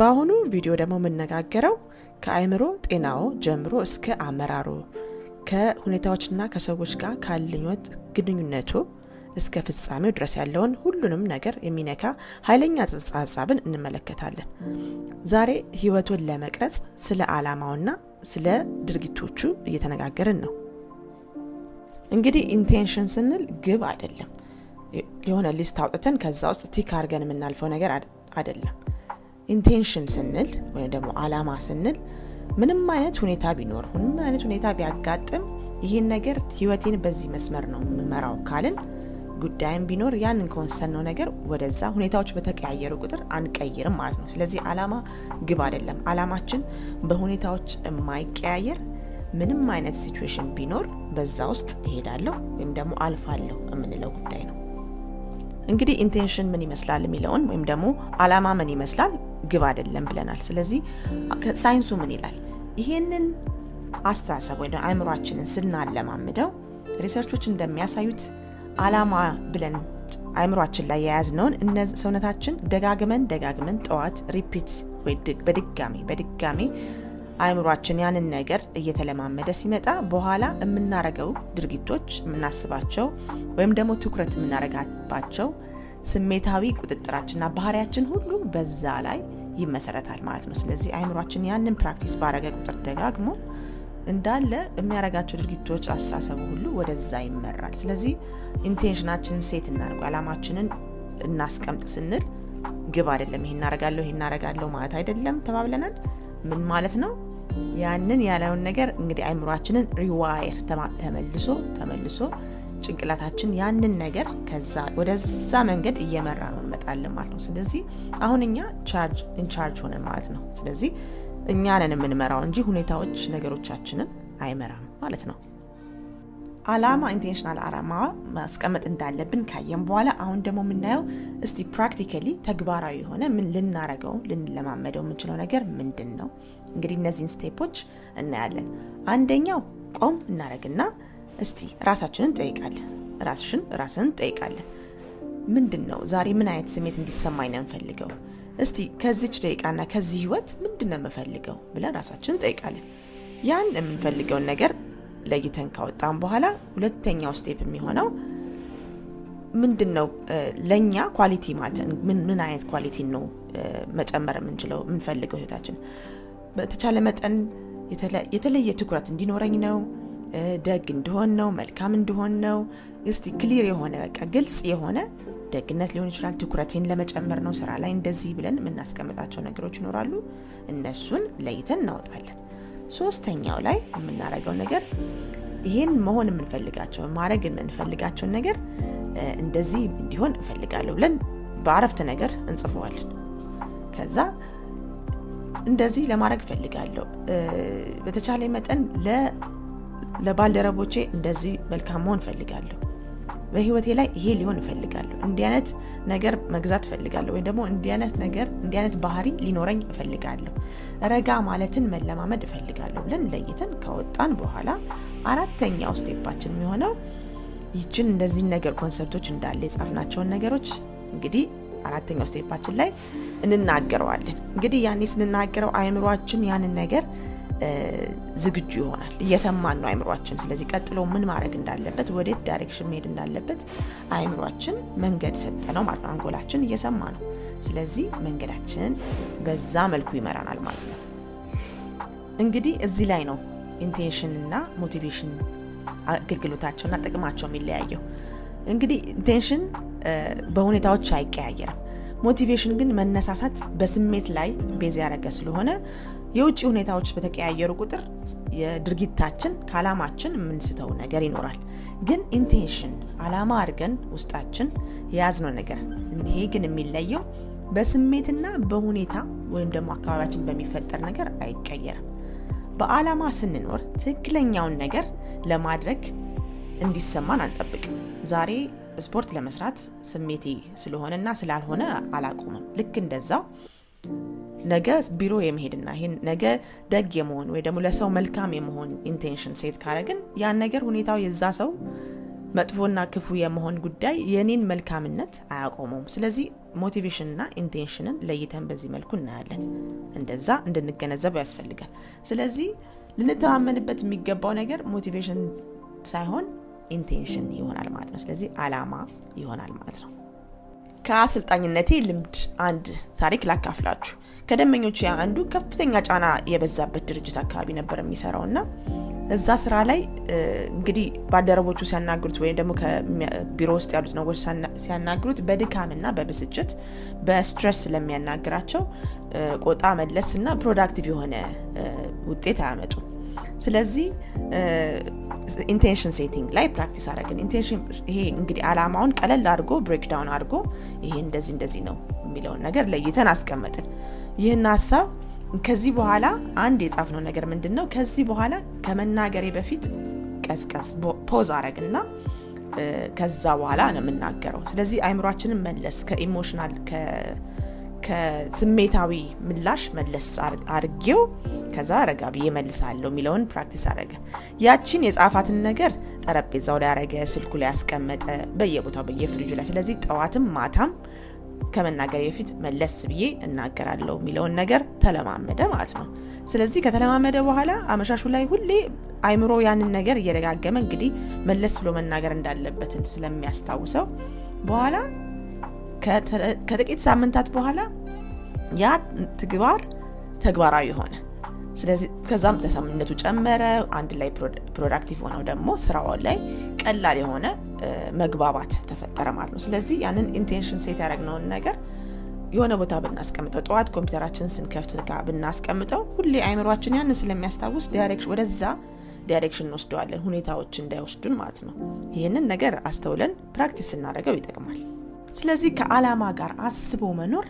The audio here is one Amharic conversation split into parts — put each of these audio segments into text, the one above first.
በአሁኑ ቪዲዮ ደግሞ የምነጋገረው ከአእምሮ ጤናው ጀምሮ እስከ አመራሮ ከሁኔታዎችና ከሰዎች ጋር ካልኞት ግንኙነቱ እስከ ፍጻሜው ድረስ ያለውን ሁሉንም ነገር የሚነካ ኃይለኛ ጽንሰ ሀሳብን እንመለከታለን። ዛሬ ህይወቱን ለመቅረጽ ስለ አላማውና ስለ ድርጊቶቹ እየተነጋገርን ነው። እንግዲህ ኢንቴንሽን ስንል ግብ አይደለም። የሆነ ሊስት አውጥተን ከዛ ውስጥ ቲክ አድርገን የምናልፈው ነገር አይደለም። ኢንቴንሽን ስንል ወይም ደግሞ አላማ ስንል ምንም አይነት ሁኔታ ቢኖር ምንም አይነት ሁኔታ ቢያጋጥም ይህን ነገር ህይወቴን በዚህ መስመር ነው የምመራው ካልን ጉዳይም ቢኖር ያንን ከወሰንነው ነገር ወደዛ ሁኔታዎች በተቀያየሩ ቁጥር አንቀይርም ማለት ነው። ስለዚህ አላማ ግብ አይደለም። አላማችን በሁኔታዎች የማይቀያየር ምንም አይነት ሲትዌሽን ቢኖር በዛ ውስጥ እሄዳለሁ ወይም ደግሞ አልፋለሁ የምንለው ጉዳይ ነው። እንግዲህ ኢንቴንሽን ምን ይመስላል የሚለውን ወይም ደግሞ አላማ ምን ይመስላል ግብ አይደለም ብለናል። ስለዚህ ሳይንሱ ምን ይላል? ይሄንን አስተሳሰብ ወይ አእምሯችንን ስናለማምደው ሪሰርቾች እንደሚያሳዩት አላማ ብለን አይምሯችን ላይ የያዝነውን እነዚህ ሰውነታችን ደጋግመን ደጋግመን ጠዋት ሪፒት በድጋሚ በድጋሚ አእምሯችን ያንን ነገር እየተለማመደ ሲመጣ በኋላ የምናረገው ድርጊቶች የምናስባቸው ወይም ደግሞ ትኩረት የምናረጋባቸው ስሜታዊ ቁጥጥራችንና ባህሪያችን ሁሉ በዛ ላይ ይመሰረታል ማለት ነው። ስለዚህ አይምሯችን ያንን ፕራክቲስ ባረገ ቁጥር ደጋግሞ እንዳለ የሚያረጋቸው ድርጊቶች፣ አስተሳሰቡ ሁሉ ወደዛ ይመራል። ስለዚህ ኢንቴንሽናችንን ሴት እናድርጉ፣ አላማችንን እናስቀምጥ ስንል ግብ አይደለም ይሄ እናረጋለሁ ይሄ እናረጋለሁ ማለት አይደለም ተባብለናል። ምን ማለት ነው? ያንን ያለውን ነገር እንግዲህ አይምሯችንን ሪዋይር ተመልሶ ተመልሶ ጭንቅላታችን ያንን ነገር ከዛ ወደዛ መንገድ እየመራ ነው እንመጣለን ማለት ነው። ስለዚህ አሁን እኛ ቻርጅ ኢንቻርጅ ሆነን ማለት ነው። ስለዚህ እኛ ነን የምንመራው እንጂ ሁኔታዎች ነገሮቻችንን አይመራም ማለት ነው። አላማ ኢንቴንሽናል አላማ ማስቀመጥ እንዳለብን ካየም በኋላ አሁን ደግሞ የምናየው እስቲ ፕራክቲካሊ ተግባራዊ የሆነ ምን ልናረገው ልንለማመደው የምንችለው ነገር ምንድን ነው? እንግዲህ እነዚህን ስቴፖች እናያለን። አንደኛው ቆም እናረግና እስቲ ራሳችንን እንጠይቃለን። ራስሽን ራስን እንጠይቃለን። ምንድን ነው ዛሬ ምን አይነት ስሜት እንዲሰማኝ ነው የምፈልገው? እስቲ ከዚች ደቂቃና ከዚህ ህይወት ምንድን ነው የምፈልገው ብለን ራሳችን እንጠይቃለን። ያን የምንፈልገውን ነገር ለይተን ካወጣን በኋላ ሁለተኛው ስቴፕ የሚሆነው ምንድን ነው ለእኛ ኳሊቲ ማለት ምን አይነት ኳሊቲ ነው መጨመር የምንችለው የምንፈልገው ህይወታችን በተቻለ መጠን የተለየ ትኩረት እንዲኖረኝ ነው ደግ እንደሆን ነው፣ መልካም እንደሆን ነው። እስቲ ክሊር የሆነ በቃ ግልጽ የሆነ ደግነት ሊሆን ይችላል። ትኩረቴን ለመጨመር ነው ስራ ላይ እንደዚህ ብለን የምናስቀምጣቸው ነገሮች ይኖራሉ። እነሱን ለይተን እናወጣለን። ሶስተኛው ላይ የምናረገው ነገር ይሄን መሆን የምንፈልጋቸው ማድረግ የምንፈልጋቸውን ነገር እንደዚህ እንዲሆን እፈልጋለሁ ብለን በአረፍተ ነገር እንጽፈዋለን። ከዛ እንደዚህ ለማድረግ እፈልጋለሁ በተቻለ መጠን ለባልደረቦቼ እንደዚህ መልካም መሆን እፈልጋለሁ፣ በህይወቴ ላይ ይሄ ሊሆን እፈልጋለሁ፣ እንዲህ አይነት ነገር መግዛት እፈልጋለሁ፣ ወይም ደግሞ እንዲህ አይነት ነገር እንዲህ አይነት ባህሪ ሊኖረኝ እፈልጋለሁ፣ ረጋ ማለትን መለማመድ እፈልጋለሁ ብለን ለይተን ከወጣን በኋላ አራተኛው ስቴፓችን የሚሆነው ይችን እንደዚህ ነገር ኮንሰፕቶች እንዳለ የጻፍናቸውን ነገሮች እንግዲህ አራተኛው ስቴፓችን ላይ እንናገረዋለን። እንግዲህ ያኔ ስንናገረው አይምሯችን ያንን ነገር ዝግጁ ይሆናል። እየሰማን ነው አይምሯችን። ስለዚህ ቀጥሎ ምን ማድረግ እንዳለበት፣ ወዴት ዳይሬክሽን መሄድ እንዳለበት አይምሯችን መንገድ ሰጠ ነው ማለት ነው። አንጎላችን እየሰማ ነው። ስለዚህ መንገዳችንን በዛ መልኩ ይመራናል ማለት ነው። እንግዲህ እዚህ ላይ ነው ኢንቴንሽንና ሞቲቬሽን አገልግሎታቸውና ጥቅማቸው የሚለያየው። እንግዲህ ኢንቴንሽን በሁኔታዎች አይቀያየርም። ሞቲቬሽን ግን መነሳሳት በስሜት ላይ ቤዝ ያደረገ ስለሆነ የውጭ ሁኔታዎች በተቀያየሩ ቁጥር የድርጊታችን ከአላማችን የምንስተው ነገር ይኖራል። ግን ኢንቴንሽን አላማ አድርገን ውስጣችን የያዝነው ነገር ይሄ ግን የሚለየው በስሜትና በሁኔታ ወይም ደግሞ አካባቢያችን በሚፈጠር ነገር አይቀየርም። በአላማ ስንኖር ትክክለኛውን ነገር ለማድረግ እንዲሰማን አንጠብቅም። ዛሬ ስፖርት ለመስራት ስሜቴ ስለሆነና ስላልሆነ አላቆምም። ልክ እንደዛው ነገ ቢሮ የመሄድና ይህን ነገ ደግ የመሆን ወይ ደግሞ ለሰው መልካም የመሆን ኢንቴንሽን ሴት ካረግን ያን ነገር ሁኔታው የዛ ሰው መጥፎና ክፉ የመሆን ጉዳይ የኔን መልካምነት አያቆመውም። ስለዚህ ሞቲቬሽንና ኢንቴንሽንን ለይተን በዚህ መልኩ እናያለን። እንደዛ እንድንገነዘበው ያስፈልጋል። ስለዚህ ልንተማመንበት የሚገባው ነገር ሞቲቬሽን ሳይሆን ኢንቴንሽን ይሆናል ማለት ነው። ስለዚህ አላማ ይሆናል ማለት ነው። ከአሰልጣኝነቴ ልምድ አንድ ታሪክ ላካፍላችሁ። ከደመኞች አንዱ ከፍተኛ ጫና የበዛበት ድርጅት አካባቢ ነበር የሚሰራው እና እዛ ስራ ላይ እንግዲህ ባደረቦቹ ሲያናግሩት ወይም ደግሞ ከቢሮ ውስጥ ያሉት ነገሮች ሲያናግሩት በድካምና በብስጭት በስትረስ ስለሚያናግራቸው ቆጣ መለስ እና ፕሮዳክቲቭ የሆነ ውጤት አያመጡ። ስለዚህ ኢንቴንሽን ሴቲንግ ላይ ፕራክቲስ አረግን ኢንቴንሽን ይሄ እንግዲህ አላማውን ቀለል አድርጎ ብሬክዳውን አድርጎ ይሄ እንደዚህ እንደዚህ ነው የሚለውን ነገር ለይተን አስቀመጥን። ይህን ሀሳብ ከዚህ በኋላ አንድ የጻፍነው ነገር ምንድን ነው? ከዚህ በኋላ ከመናገሬ በፊት ቀስቀስ ፖዝ አረግና ከዛ በኋላ ነው የምናገረው። ስለዚህ አይምሯችንን መለስ ከኢሞሽናል ከስሜታዊ ምላሽ መለስ አርጌው ከዛ ረጋ ብዬ መልሳለሁ የሚለውን ፕራክቲስ አረገ። ያችን የጻፋትን ነገር ጠረጴዛው ላይ አረገ፣ ስልኩ ላይ ያስቀመጠ፣ በየቦታው በየፍሪጁ ላይ። ስለዚህ ጠዋትም ማታም ከመናገር በፊት መለስ ብዬ እናገራለሁ የሚለውን ነገር ተለማመደ ማለት ነው። ስለዚህ ከተለማመደ በኋላ አመሻሹ ላይ ሁሌ አይምሮ ያንን ነገር እየደጋገመ እንግዲህ መለስ ብሎ መናገር እንዳለበትን ስለሚያስታውሰው በኋላ ከጥቂት ሳምንታት በኋላ ያ ትግባር ተግባራዊ ሆነ። ስለዚህ ከዛም ተሰምነቱ ጨመረ። አንድ ላይ ፕሮዳክቲቭ ሆነው ደግሞ ስራውን ላይ ቀላል የሆነ መግባባት ተፈጠረ ማለት ነው። ስለዚህ ያንን ኢንቴንሽን ሴት ያደረግነውን ነገር የሆነ ቦታ ብናስቀምጠው፣ ጠዋት ኮምፒውተራችን ስንከፍት ጋር ብናስቀምጠው፣ ሁሌ አይምሯችን ያንን ስለሚያስታውስ ወደዛ ዳይሬክሽን እንወስደዋለን፣ ሁኔታዎች እንዳይወስዱን ማለት ነው። ይህንን ነገር አስተውለን ፕራክቲስ ስናደርገው ይጠቅማል። ስለዚህ ከዓላማ ጋር አስቦ መኖር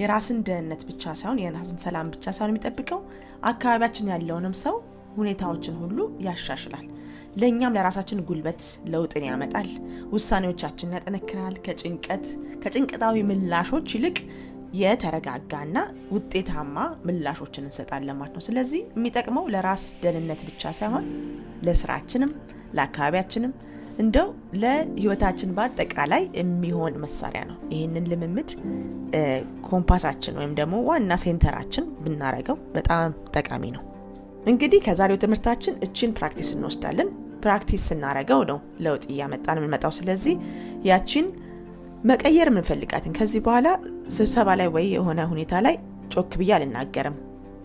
የራስን ደህንነት ብቻ ሳይሆን የራስን ሰላም ብቻ ሳይሆን የሚጠብቀው አካባቢያችን ያለውንም ሰው ሁኔታዎችን ሁሉ ያሻሽላል። ለእኛም ለራሳችን ጉልበት ለውጥን ያመጣል። ውሳኔዎቻችንን ያጠነክራል። ከጭንቀት ከጭንቀታዊ ምላሾች ይልቅ የተረጋጋና ውጤታማ ምላሾችን እንሰጣለን ማለት ነው። ስለዚህ የሚጠቅመው ለራስ ደህንነት ብቻ ሳይሆን ለስራችንም ለአካባቢያችንም እንደው ለህይወታችን በአጠቃላይ የሚሆን መሳሪያ ነው። ይህንን ልምምድ ኮምፓሳችን ወይም ደግሞ ዋና ሴንተራችን ብናረገው በጣም ጠቃሚ ነው። እንግዲህ ከዛሬው ትምህርታችን እችን ፕራክቲስ እንወስዳለን። ፕራክቲስ ስናረገው ነው ለውጥ እያመጣን የምንመጣው። ስለዚህ ያችን መቀየር የምንፈልጋትን ከዚህ በኋላ ስብሰባ ላይ ወይ የሆነ ሁኔታ ላይ ጮክ ብዬ አልናገርም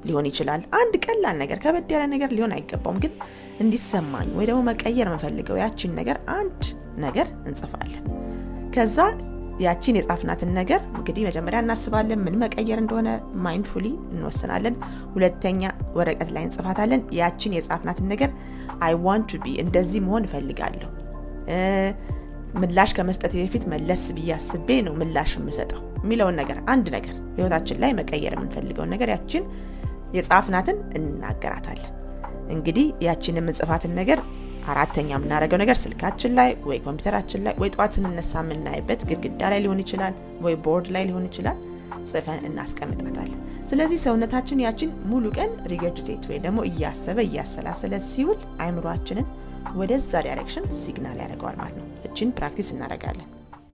ሊሆን ይችላል። አንድ ቀላል ነገር ከበድ ያለ ነገር ሊሆን አይገባውም፣ ግን እንዲሰማኝ ወይ ደግሞ መቀየር መፈልገው ያቺን ነገር አንድ ነገር እንጽፋለን። ከዛ ያቺን የጻፍናትን ነገር እንግዲህ መጀመሪያ እናስባለን፣ ምን መቀየር እንደሆነ ማይንድፉሊ እንወስናለን። ሁለተኛ ወረቀት ላይ እንጽፋታለን። ያቺን የጻፍናትን ነገር አይ ዋንት ቢ እንደዚህ መሆን እፈልጋለሁ። ምላሽ ከመስጠት በፊት መለስ ብዬ አስቤ ነው ምላሽ የምሰጠው የሚለውን ነገር አንድ ነገር ህይወታችን ላይ መቀየር የምንፈልገውን ነገር ያችን የጻፍናትን እንናገራታለን። እንግዲህ ያችን የምንጽፋትን ነገር አራተኛ የምናደረገው ነገር ስልካችን ላይ ወይ ኮምፒውተራችን ላይ ወይ ጠዋት ስንነሳ የምናይበት ግድግዳ ላይ ሊሆን ይችላል፣ ወይ ቦርድ ላይ ሊሆን ይችላል። ጽፈን እናስቀምጣታለን። ስለዚህ ሰውነታችን ያችን ሙሉ ቀን ሪገጅቴት ወይ ደግሞ እያሰበ እያሰላሰለ ሲውል አይምሯችንን ወደዛ ዳይሬክሽን ሲግናል ያደርገዋል ማለት ነው። እችን ፕራክቲስ እናደርጋለን።